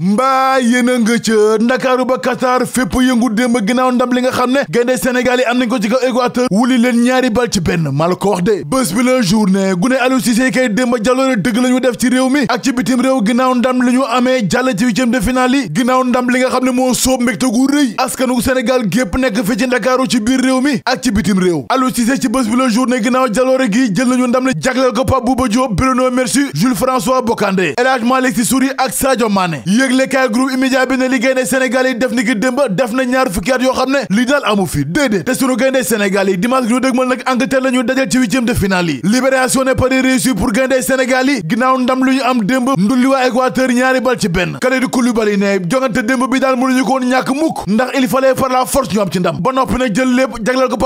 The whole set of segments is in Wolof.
mbaa yéen a nga ca ndakaaru ba Qatar fépp yëngu démb ginnaaw ndam li nga xam ne gaynde Sénégal yi am nañ ko ci kaw Équateur wuli leen ñaari bal ci benn maa ko wax de bés bi la journée gu ne Aliou Cissé kay démb jaloore dëgg la ñu def ci réew mi ak ci bitim réew ginnaaw ndam li ñu amee jàll ci huitième de finale yi ginnaaw ndam li nga xam ne moo soob mbégte gu rëy askanu Sénégal gépp nekk fi ci ndakaaru ci biir réew mi ak ci bitim réew Aliou Cissé ci bés bi la journée ginnaaw jaloore gi jël nañu ndam li jagleel ko Pape Bouba Diop Bruno Metsu Jules François Bocandé ak Sadio Mané yëglekaay groupe immédiat bi ne li gaynde yi def ni démb def na ñaar fukki yoo xam ne li daal amu fi déedéet te sunu gaynde Sénégal yi dimanche ñu dëgmal nag Angleterre la ñu dajal ci huitième de yi libération n'est pas de pour gaynde Sénégal yi ginnaaw ndam lu ñu am démb ndulli waa ñaari bal ci benn Kalidou Koulibaly ne jongante démb bi daal mënuñu ko woon ñàkk mukk ndax il par la force ñu am ci ndam ba noppi nag jël lépp jagleel ko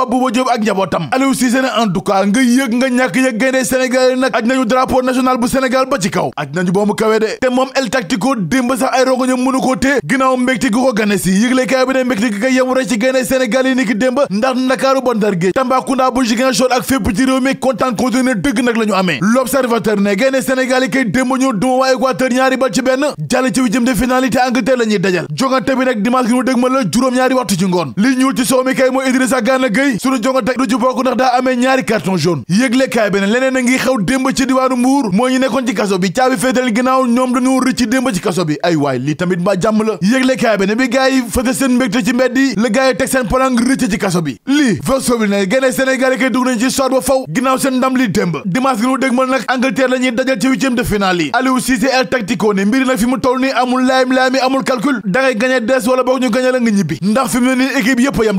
Pape Bouba ay rongoñam mënu koo tée ginnaaw mbégte gi ko gane si yëglekaay bi ne mbégte gi ko yemu rek ci gane Sénégal yi démb ndax Ndakaaru ba Ndar géej Tambacounda ba Ziguinchor ak fépp ci réew mi kontaan continué dëgg nag la amee l'observateur ne gane Sénégal kay démb ñoo duma waa Équateur ñaari bal ci benn jàll ci huitième de finale te Angleterre la ñuy dajal jongante bi nag dimanche gi mu dëgg ma la juróom-ñaari waxtu ci ngoon li ñuul ci soow mi kay mooy Idrissa Gana Gueye suñu jongante du ci bokk ndax daa a ngi xew démb waay lii tamit mbaa jàmm la yëglekaay bi ne bi gars yi seen mbégte ci mbedd yi la gars teg seen palang rëcc ci kaso bi lii vox populi ne gane Sénégal dugg nañ ci soir ba faw ginnaaw seen ndam li démb dimanche gi nu dég nag Angleterre la dajal ci huitième de finale yi Aliou Cissé el tactico ne mbiri nag fi mu toll nii amul laayam-laayami amul calcul da gañe dees wala boog ñu gañe la nga ñibbi ndax fi mu ne nii équipe yëpp a yam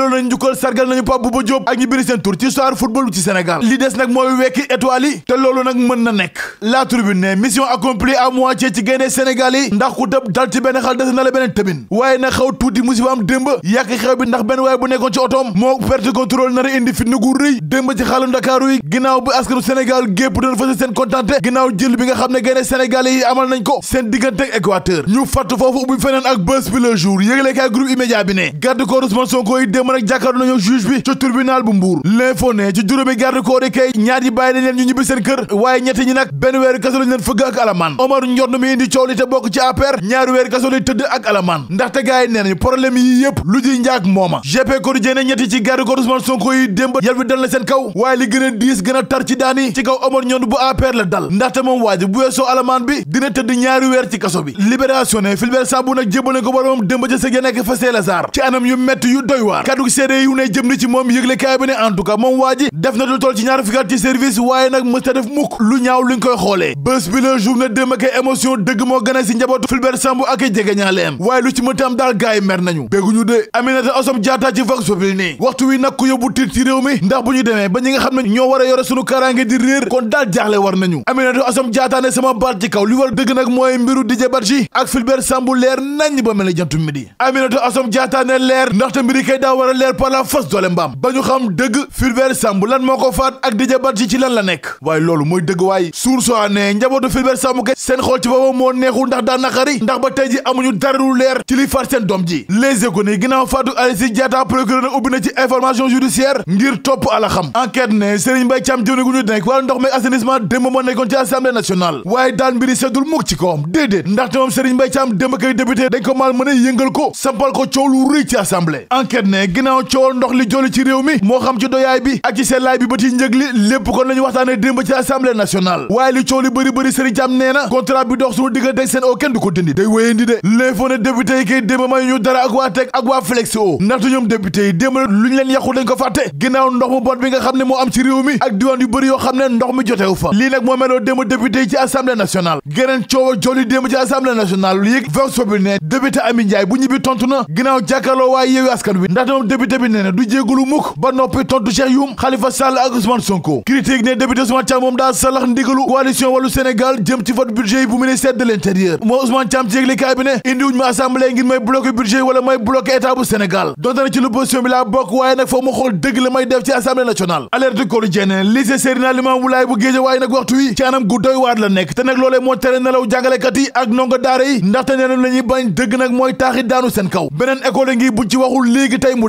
delloo nañ njukkal sargal nañu Pape Bouba Diop ak ñi seen tur ci histoire football ci Sénégal li des nag mooy wekki étoile te loolu nag mën na nekk la tribune ne mission accomplie à moitié ci gaynde Sénégal yi ndax ku tëb dal ci benn xal des na beneen tëbin waaye nag xaw tuuti musiba am démb yàq xew bi ndax benn waaye bu nekkoon ci otoom moo perte contrôle nar a indi fitna gu rëy démb ci xaalu Ndakaaru yi ginnaaw bi askanu Sénégal gépp doon fësal démb nag jàkkaarlu nañu juge bi ci tribunal bu Mbour l'info ne ci juróomi garde corps yi kay ñaar yi bàyyi nañ leen ñu ñibbi seen kër waaye ñetti ñi nag benn weeru kaso lañ leen fëgg ak alamaan Omar Ndione mi indi coow li te bokk ci APR ñaari weeru kaso lay tëdd ak alamaan ndaxte gars yi nee nañu problème yi yëpp lu ji njaak mooma GP Quotidien ne ñetti ci garde corps Ousmane Sonko yi démb yal bi dal na seen kaw waaye li gën a diis gën a tar ci daani ci kaw Omar Ndione bu APR la dal ndaxte moom waaji bu weesoo alamaan bi dina tëdd ñaari weer ci kaso bi libération ne Fulbert Sambou nag jébbal nañ ko boromam démb ca sëg ya nekk Fessé Lazare ci anam yu metti yu doy waar kàddu seede yu ne jëm na ci moom yëgle kaay bi ne en tout cas moom a daal gaay mer nañu bégguñu de Aminata Assome Diatta ci a kon daal jaaxle war nañu Aminata Assome Diatta leer ndaxte mbiri kay daaw war a leer par la force doole mbaam ba ñu xam dëgg Fulbert Sambou lan moo ko faat ak Didier Badji ci lan la nekk waaye loolu mooy dëgg waaye suur soo ne njabootu Fulbert Sambou kay seen xool ci boppam moo neexul ndax daa ndax ba tey ji amuñu dara lu leer ci li faat seen doom ji les échos ne ginnaaw faatu Aziz Diatta procureur na ubbi na ci information judiciaire ngir topp ala xam enquête ne Serigne Mbaye Thiam jëwni gu ñu denk wàllu ndox meeg ko mal mën a ginnaaw coow ndox li joli ci réew mi moo xam ci doyaay bi ak ci sellaay bi ba ci lépp kon lañu waxtaane démb ci assemblée nationale waaye li coow li bëri bëri sëriñ Thiam nee na contrat bi dox suñu diggante seen oo kenn du ko dindi day wéyandi de l'info ne député yi kay démb may ñu dara ak waa teg ak waa flexo ndaxte ñoom député yi démb lu ñu leen yàqu dañ ko fàtte ginnaaw ndox mu bon bi nga xam ne moo am ci réew mi ak diwaan yu bëri yoo xam ne ndox mi jotewu fa lii nag moo meloo démb député yi ci assemblée nationale geneen coow ak joli démb ci assemblée nationale lu yëg na ginnaaw jàkkaarloo waaye wi ndaxte moom député bi nee na du jéggulu mukk ba noppi tontu Cheikh Youm Khalifa Sall ak Ousmane Sonko critique ne député Ousmane Thiam moom daa salax ndigalu coalition wàllu Sénégal jëm ci vote budget yi bu ministère de l'intérieur moo Ousmane Thiam ci yëglekaay bi ne indiwuñ ma assemblée ngir may bloqué budget yi wala may bloqué état Sénégal donte na ci l'opposition bi laa bokk waaye nag foo mu xool dëgg la may def ci assemblée nationale alerte quotidien ne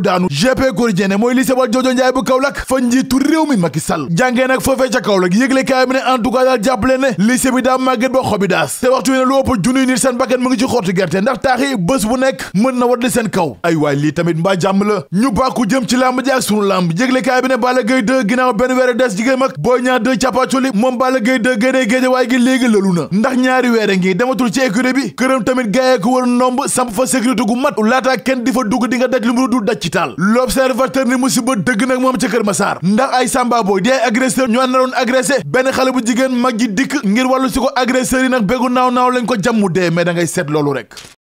daanu gp Quotidien ne mooy lycée Valdiodio Ndiaye bu Kaolack fa njiitu réew mi ma Macky Sall jàngee nag foofee ca Kaolack yëglekaay bi ne en tout cas daal jàppale ne lycée bi daa màgget ba xobi te waxtu wi ne lu ëpp junniy nit seen bakkan mu ngi ci xottu gerte ndax taaxi bés bu nekk mën na wadd seen kaw ay waay lii tamit mbaa jàmm la ñu bàkku jëm ci làmb ji ak sunu làmb yëglekaay bi ne Balla Gaye 2 ginnaaw benn weer des jigéen mag Boy Niang 2 capacoli moom Balla Gaye 2 génee géej gi léegi lalu na ndax ñaari weere ngi dematul ci écurie bi këram tamit gaayee nomb samp fa sécurité gu mat laataa kenn di fa dugg di nga daj lu mu dul hôpital l'observateur ni musiba dëgg nag moom ca Kër saar ndax ay samba boy di ay agresseur ñu ànda doon agressé benn xale bu jigéen mag ji dikk ngir wàllu si ko agresseur yi nag bégu naaw naaw lañ ko jàmmu dee mais dangay seet loolu rek